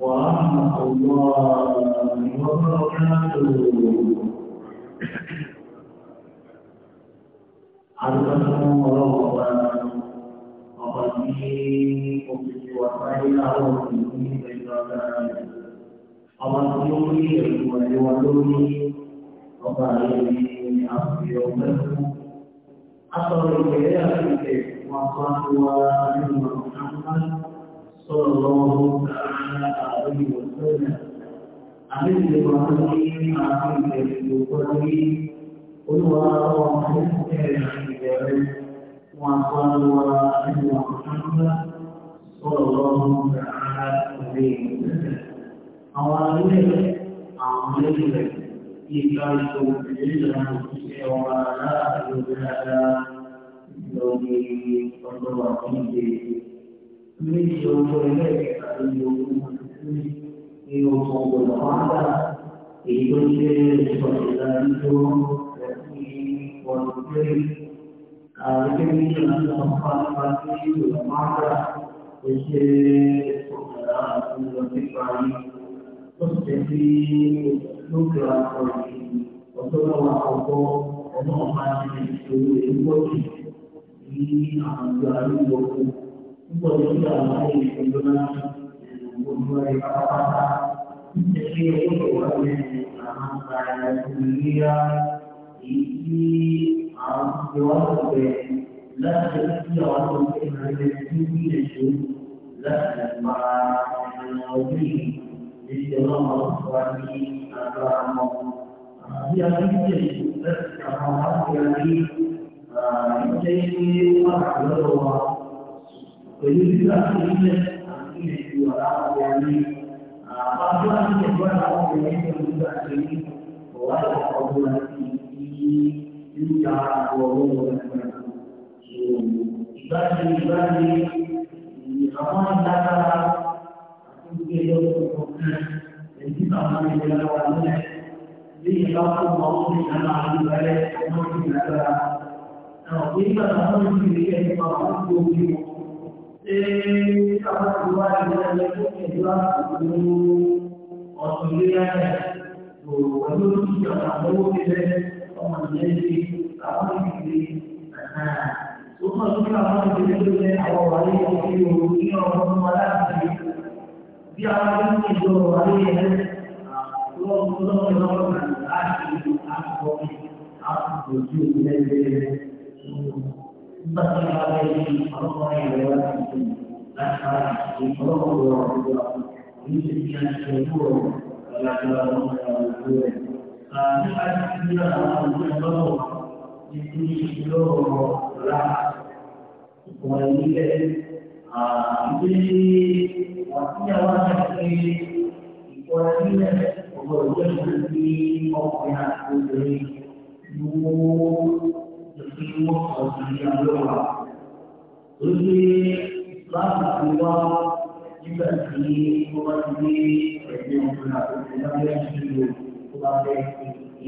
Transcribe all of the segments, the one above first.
ورحمة الله وبركاته Adapun orang apa ini posisi wasai kalau ini berjalan apa ini dari wadoni apa ini apa yang baru atau ini yang kita masalah dua ini Muhammad Sallallahu Alaihi Wasallam عليه وسلم عليه الإبراهيم عليه الإبراهيم قل وراء حتى الجبل وقال وراء محمد صلى الله تعالى عليه وسلم أوامره أمره إيقاظه بالعلم ولا يزال لوني وطواقيه من يوم إليك أن يكون io sono la madre e io che sono la ritorno e con te anche mi sono fatto parte della madre perché sono la tua fai sospetti lucro a fuori o solo a poco o non fare più e poi di andare un po' un po' di andare in gbogbo ẹ̀ pátápátá ìjẹ́ ìwé wà pẹ̀lú bí wọ́n ti kesi wanaojamii wanafunzi ambao wanaoeleza lugha shiriki wale wakaona hii lugha kuongoza katika ibadi ibadi ni kama ndaka kukiyo kutoka ndio kama ndio wanaona hii kama maombi kama alivyoeleza kwa sababu na kwa sababu ni kwa sababu àwọn ìwà ìlànà ẹgbẹ́ ìjọba ìlú ọ̀sùn ilé ayé pẹ̀lú ìjọ àwọn owó bíbẹ́ ọmọ ìyẹn ti àwọn ìdílé tó mọ̀ sí àwọn ìdílé tó jẹ́ àwọn wàlé ọ̀sùn ìlú ní ọ̀rọ̀ ọmọ aláàbí bí àwọn ìdílé ìjọ wàlé yẹn lọ́wọ́ lọ́wọ́ lọ́wọ́ láti àkọ́kọ́ àkọ́kọ́ ojú ìlẹ́gbẹ̀ẹ́ مصر عليه الله يوافقكم أحد يقرأه ورحمه ويجب أن يشكره ولا تلاقون على فنحن إلى أن نقرأ لكل شكره ولا ويجب Jadi, waktunya wajah ini ikutannya berbeda dengan orang yang sudah dulu semua orang yang berdoa. Oleh Islam Allah juga di mewakili Raja Muhammad Nabi yang sejujur kepada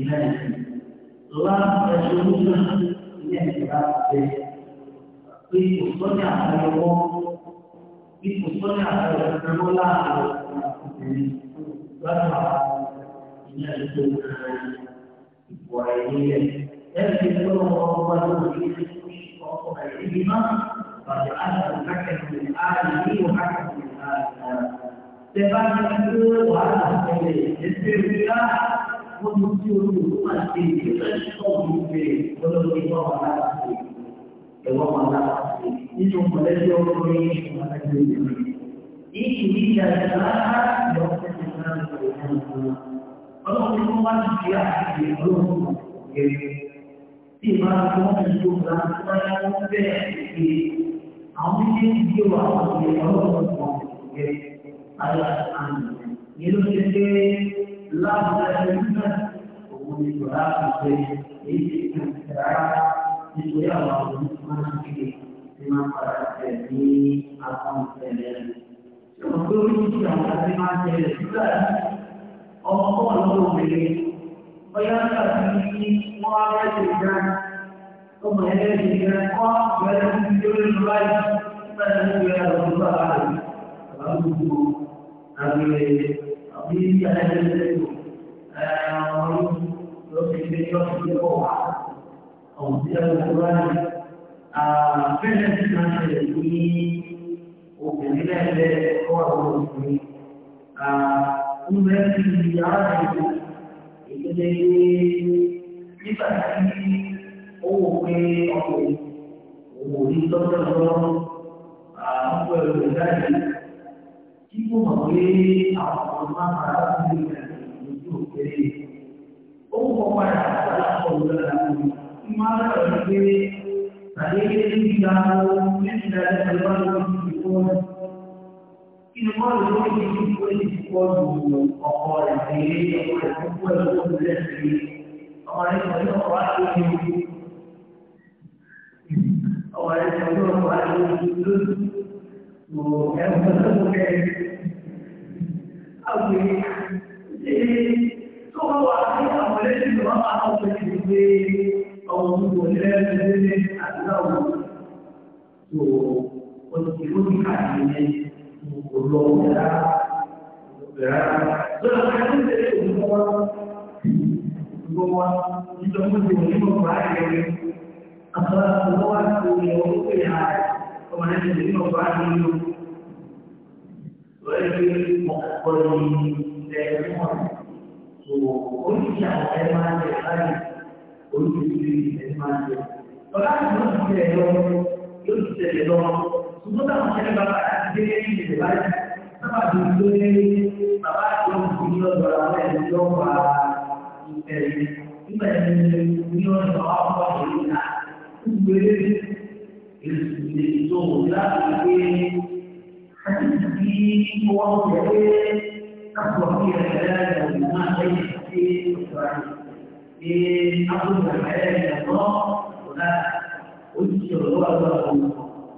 iman ini. Telah menyusun ini yang kita lihat. Ini khususnya dari Allah. Ini khususnya dari Nabi Muhammad ini. Berapa ini adalah sebuah ini لكن كل الله في خلقه وصف بهما فجعله حكما من آله وحكما من آله سبحانه وتعالى الاسترجاع والمسيرون الدين يشتغل به ولو الله على أصله الله على أصله إنهم الذي يقولون ومن إيه إذا جاء يوم الإسلام سبحانه الله يقول لك يا أخي di mana kamu hidup dalam keadaan yang tidak Kami ingin jiwa yang baru berkembang ke adalah anda. Ia sendiri lah dari mana kami berasal dari ini kerana di dunia ini mana kita semua para ini akan terjadi. Jom kita lihat di mana kita berada. Apa yang kita bóyá tàbí wọ́n á lẹ́sẹ̀ ìgbà tó mọ̀ ẹlẹ́sẹ̀ ìgbà kọ́ ìgbàlẹ́ fún mi lórí ìlú báyìí nígbà tí wọ́n gbé ẹ̀rọ tó bá rẹ̀ bàbá gbogbo àbí àbí ìyàlẹ́sẹ̀ tó àwọn lọ́sẹ̀ ìgbé lọ́sẹ̀ ìgbé bọ̀ wá àwọn tí a lọ́sẹ̀ báyìí àfẹ́lẹ́ ti máa ṣẹlẹ̀ ìpínlẹ̀ nígbà tí owó pé ọkọ̀ òwò ní lọ́jọ́ àwọn ẹ̀rọ ìdájì tí kò mọ̀ pé àwọn ọmọ máa máa láti ní ìrìnàjò òkèèrè. ó kọ́ padà àgbàlagbà òwúrọ̀ àti máa rẹ̀ wọ́n pé tàbí ilé ìgbà mẹ́ta ẹgbẹ̀rún lọ́wọ́ inú wọn ti pọ̀ bá àwọn ẹlẹ́sìn ti gbé ọmọ tó kú rẹ̀ sí wọn tó ó ti kó ní ẹni olóògbéra olóògbéra ti onímọ̀ yóò ti tẹ̀lé lọ́wọ́ ṣùgbọ́n táwọn ọmọdé bàbá àti kékeré yìí lè bá yẹn sábà tó ń lé bàbá àti ọmọ òbí lọ́dọ̀ àwọn ẹ̀mí lọ́wọ́ ìbẹ̀rẹ̀ nígbà yẹn ní ọ̀nà ọkọ̀ òní náà ń gbé èsì ètò láti gbé àti ìdí wọn kò pé káàpọ̀ bí ẹ̀rẹ́ ẹ̀rọ náà lẹ́yìn sí ọ̀sán ní àbúrò ẹ̀rẹ́ ẹ̀rọ náà kò náà ó ti ṣe ọ̀rọ̀ wà lọ́wọ́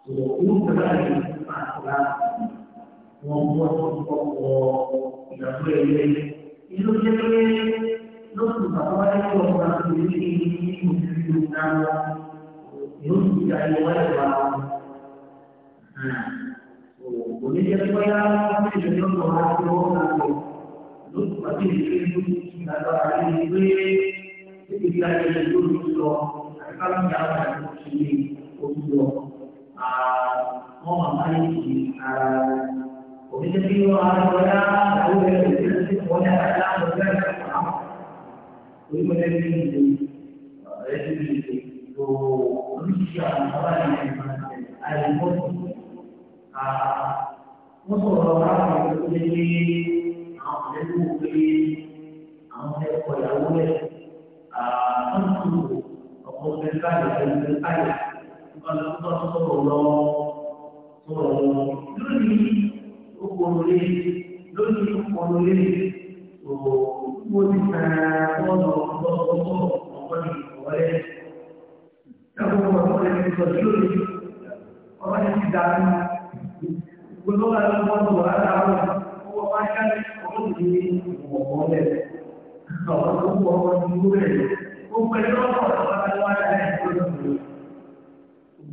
我不子里不干不干净，我我我我也会。因为都是在外面工作，每天辛苦一天，我都是家里卫生嘛。嗯，我那些姑娘每天工作还多呢，都是自己洗，打扫家里卫生，自己在家里做做做，还帮家里做事情。àdéhìí ara rẹ̀. Òṣìṣẹ́ bí wọ́n á lọ yá àwọn ẹ̀rọ ìṣẹ́ tí wọ́n yá láti láti lọ bẹ́ẹ̀ lọ́wọ́ àwọn. Oríkọ̀ lẹ́yìn ní ìlú ọ̀rẹ́ tí kì ṣe tó oríṣiríṣi àwọn ọ̀rọ̀ ìyẹn máa ń tẹ̀lé àìmọ́tò. Wọ́n sọ̀rọ̀ láwọn ọ̀rẹ́ tó lé ní àwọn ọ̀rẹ́ tó wù pé àwọn ẹ̀kọ́ ìyàwó rẹ̀ wọ́n sọ̀rọ̀ ọ̀pọ̀ lórí ọ̀rọ̀ lè tó wọ́n ti ta ọ̀nà ọ̀pọ̀lọpọ̀ ọ̀pọ̀lọpọ̀ ọ̀rẹ́. Ẹ̀kọ́ ọ̀pọ̀lọpọ̀ ẹni sọ sí lórí ọ̀pọ̀ ẹni ti dà ní gbogbo àwọn ọmọ ọmọ aláwọ̀ ọwọ́ máa ká ní ọmọ ìlú ọmọ rẹ̀. Ọ̀pọ̀ tó wọ ọmọ ìlú rẹ̀ ó pẹ̀lú ọ̀pọ̀ ọ̀pọ̀lọpọ̀ ọ̀pọ̀lọpọ̀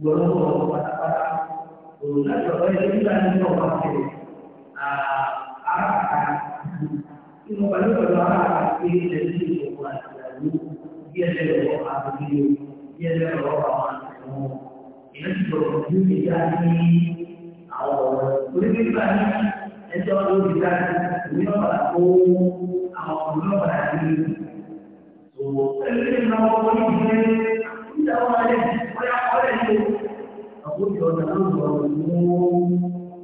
ọ̀pọ̀lọpọ̀ ọ̀pọ̀lọpọ̀ ará kan tí mo pẹ̀lú pẹ̀lú ará kan pé ilẹ̀ sí ìṣòwò àti ìyàwó bí ẹsẹ̀ lọ àbúrò bí ẹsẹ̀ lọ àwọn àtẹ̀wọ̀n ìyẹn ti sọ̀rọ̀ ju ìyá ní àwọn ọ̀rọ̀ onígbègbè ní ẹjọ́ lórí ìyá ìwé náà ọ̀rọ̀ náà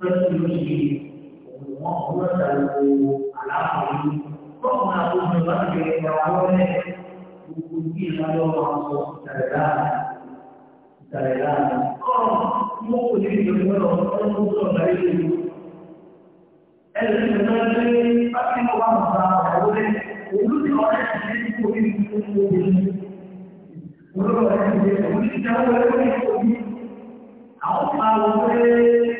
pẹ̀lú ìṣe òwò ọlọ́dà wo àlàáfíà bọ́ọ̀ máa tó ní wá sí ẹ̀ka lọ́rẹ́ gbogbo bí ìlànà máa sọ ìtàrẹ̀lá ìtàrẹ̀lá kọ́ mo kò ní ìdílé lọ́rọ̀ ọdún tó sọ̀rọ̀ láyé lórí ẹlẹ́sìn náà lé bákí mo bá ọ̀rọ̀ ọ̀rẹ́ ti ní kó ní ìdílé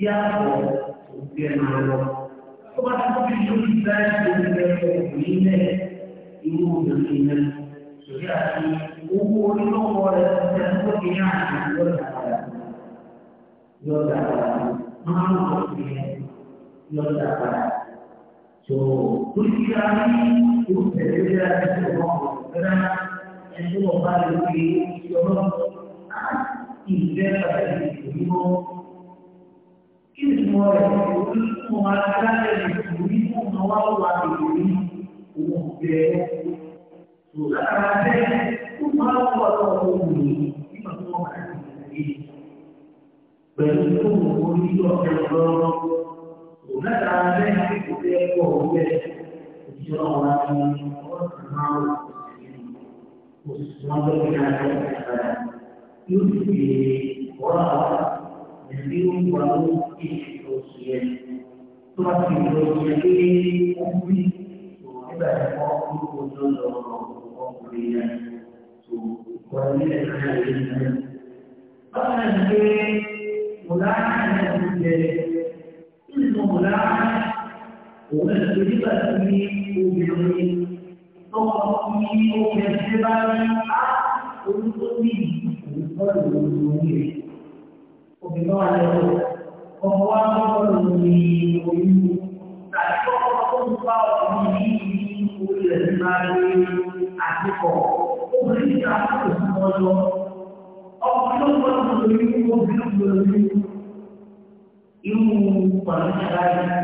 diavolo confermano soprattutto il giudizio delle comunità in un film sociali un buono cuore per tutti gli anni lo dava lo dava ma non così lo dava so tutti gli anni tutte le persone che sono però è solo fare il giudizio ah il vero è il primo ìmọ̀ rẹ̀ orí fún ọmọ aláàrẹ̀ orí fún ọmọ wa wà lórí òun bẹ̀ tó lára bẹ́ẹ̀ tó máa ń wà lọ́wọ́ òun nígbà tó wọ́n kà sí ìdílé pẹ̀lú tó wọ́n orí ọ̀rẹ́ lọ́wọ́ tó lára bẹ́ẹ̀ tó fẹ́ pọ̀ bẹ́ẹ̀ òjò ọ̀la ni wọ́n ti máa ń wọ́n ti máa ń lọ́wọ́ ìdájọ́ ìdájọ́ yóò sì fi ọ̀rọ̀ àwọn. Review one each association. So what we do is we only to have a form of control of Korea. So Korea is a region. Bahkan ke mulanya menjadi ilmu mulanya bukan terlibat ini umum ini. Tokoh ini umum sebab untuk ini untuk ini obìnrin wà lẹ́wọ̀ ọmọ wa ń bọ̀ lórí oyún tàbí ọkọ̀ tó ń bá ọkùnrin yìí ní orí rẹ̀ ti máa rí àtìkọ̀ obìnrin ti ká kó sí wọn lọ ọkùnrin ló gbọ́dọ̀ tó lórí obìnrin ló lórí irú pàlú ìṣẹ̀lá yìí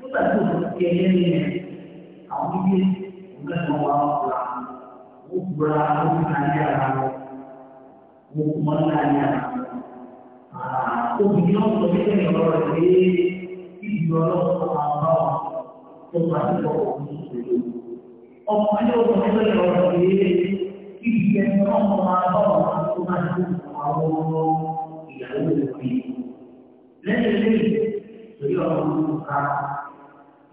nígbà tó o ti ẹyẹ ní ẹ̀ àwọn ibi ìgbẹ́sọ̀ wa ń fura ó fura ó fi náà yára wọn ó mọ́ náà yára wọn. 啊，我今天坐飞机，我来你，你到了杭州，坐飞机到杭州，我还要坐飞机，一天到晚到杭州，坐飞机到杭州，旅游旅游，没事，只要我们他，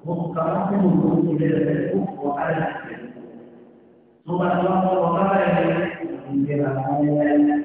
我们交通工具越来越不发达了，坐火车、坐高铁，你别来。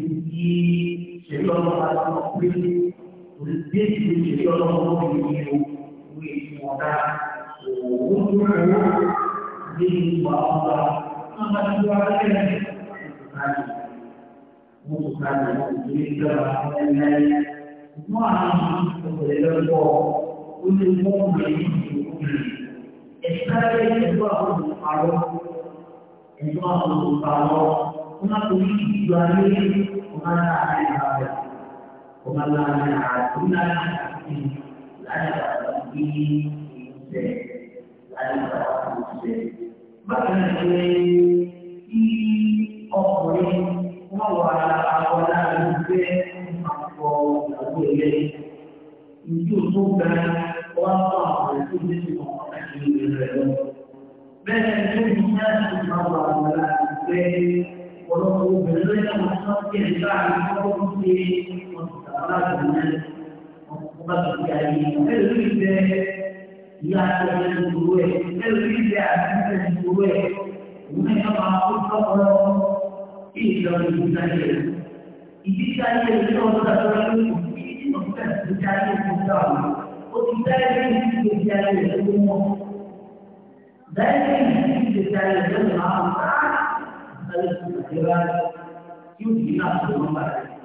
ìdí ìṣèlú ọlọ́wọ́ àti ọ̀pẹ́ olùdíje ìṣèlú ọlọ́wọ́ ìdí ìwé ìwọ̀nba owó owó ní ìwà ọba wọn bá ti wá lẹ́yìn ìwòkàlẹ̀ ìwòkàlẹ̀ ìwé ìjọba ẹ̀ẹ́dẹ́gbẹ̀rẹ́ wọn àwọn ọ̀pọ̀lọpọ̀ lọ́wọ́ ó ní wọ́n mọ̀ ní ìwòkàlẹ̀ ẹ̀ka ẹ̀ka ẹ̀ka àwọn olùpàrọ̀ ẹ̀ka àwọn ومن يعلم ومن لا يعلم ومن لا يعلم لا يعلم لا يعلم Bahkan di orang mawar awalan juga mampu lakukan itu bukan orang itu semua orang ini berlaku. Bahkan di mana mawar awalan juga ولو بذلك مختص البعض حكم في مستوى الناس وقبض الجاهلين الربا يعني الجوع الربا يعني الجوع ومن يضع الصبر في دور المسائل إذا كان يجب أن تتعلم في مستوى الجاهلين المسلم وبالتالي يجب الجاهلين ذلك يجب الجاهلين العام कल परिवार क्यों ढीला होना पड़ रहा है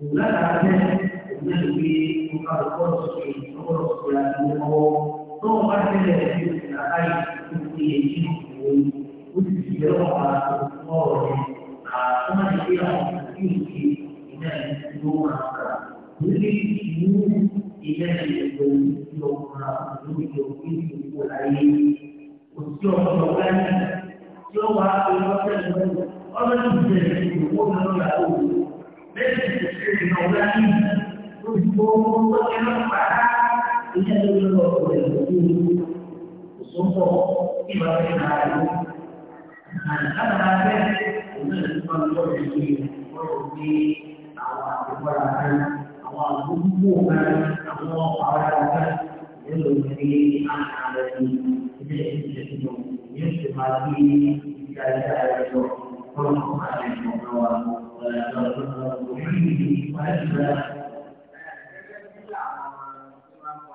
पूरा राज है उन्हें भी उनका ऊपर उसके ऊपर उसके आदमी को तो हमारे लिए लगाई उसकी एक हुई उस जीरो पर और आत्मा जी की इन्हें दूर रखा दिल्ली की इन्हें दूर जो हमारा जो जो की उसको लाई उसको लोगों ने yóò wá pẹ̀lú ọ̀sẹ̀ lọ́wọ́ ọ̀rọ̀ tó bẹ̀rẹ̀ ìgbòho náà yà ó bẹ́ẹ̀ sì ti ṣe ìnáwó láti gbogbo owó tó ń pa ilé ẹgbẹ́ lọ́wọ́ rẹ̀ lójú òṣùpọ̀ ìwà rẹ̀ náà rẹ̀ àtàlà rẹ̀ òun náà ti máa lọ rẹ̀ lórí ọ̀rọ̀ pé àwọn àgbẹ̀wọ̀ra kan àwọn àgbẹ̀wọ̀ kan àwọn ọ̀pá ara kan ìlú ìgbẹ́ àtàlẹ̀ ilé ìgbẹ́ ìgbẹ́ 也许他第一在在那种沟通方面，那么呃，能能能顺利一呢。